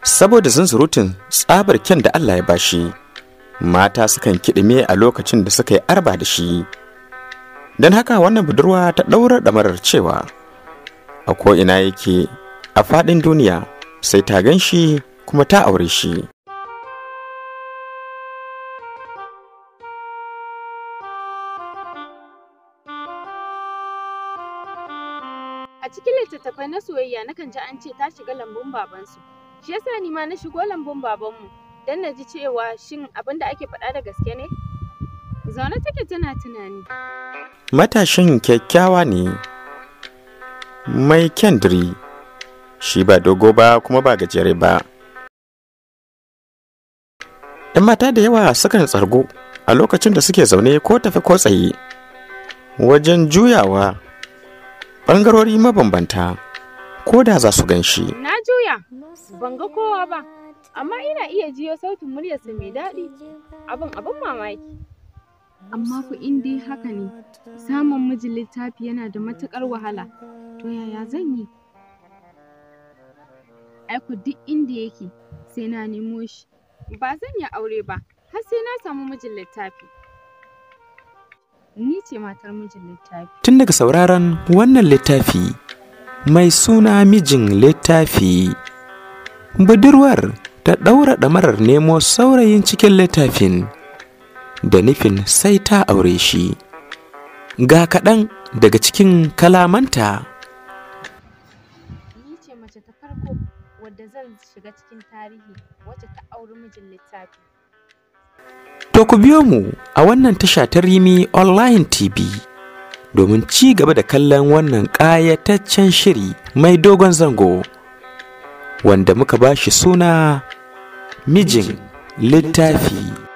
saboda zunzurutun tsabar kyan da Allah ya bashi mata sukan kiɗime a lokacin da suka yi arba da shi don haka wannan budurwa ta ɗaura marar cewa a ko'ina yake a faɗin duniya sai ta gan shi kuma ta aure shi a cikin littattafai na soyayya nakan ji an ce ta shiga lambun babansu shi yasa ni ma na shigo lambun babanmu don na ji cewa shin abin da ake faɗa da gaske ne zaune take tana tunani matashin kyakkyawa ne mai kyandiri shi ba dogo ba kuma ba gajere ba ‘yan mata da yawa sukan tsargo a lokacin da suke zaune ko tafi ko tsaye wajen juyawa ɓangarori mabambanta ko da za su gan shi. Na juya, ban ga kowa ba, amma ina iya jiyo sautin muryarsa mai daɗi, abin abin mamaki. Amma ku in dai haka ne, samun mijin littafi yana da matuƙar wahala, to yaya zan yi? Aiku duk inda yake, sai na nemo shi. Ba zan yi aure ba, har sai na samu mijin littafi. Ni ce matar mijin littafi. Tun daga sauraron wannan littafi mai suna mijin littafi budurwar ta ɗaura ɗamarar nemo saurayin cikin littafin da nufin sai ta aure shi ga kaɗan daga cikin kalamanta ni ce mace ta farko wadda zan shiga cikin tarihi wacce ta auri mijin littafi to ku biyo mu a wannan tasha ta rimi online tv domin ci gaba da kallon wannan ƙayataccen shiri mai dogon zango wanda muka ba shi suna mijin littafi.